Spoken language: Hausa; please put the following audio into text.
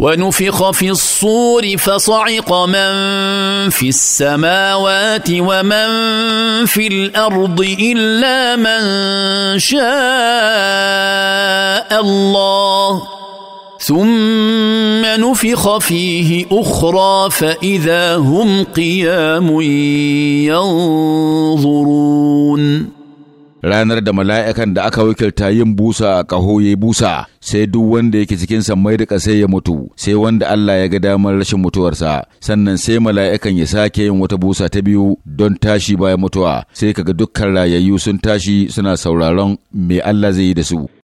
ونفخ في الصور فصعق من في السماوات ومن في الارض الا من شاء الله ثم نفخ فيه اخرى فاذا هم قيام ينظرون ranar da mala'ikan da aka wakilta yin busa a ƙaho ya busa sai duk wanda yake cikin sammai da ƙasai ya mutu sai wanda Allah ya ga damar rashin mutuwarsa sannan sai mala'ikan ya sake yin wata busa ta biyu don tashi bayan mutuwa sai kaga dukkan rayayyu sun tashi suna sauraron me Allah zai yi da su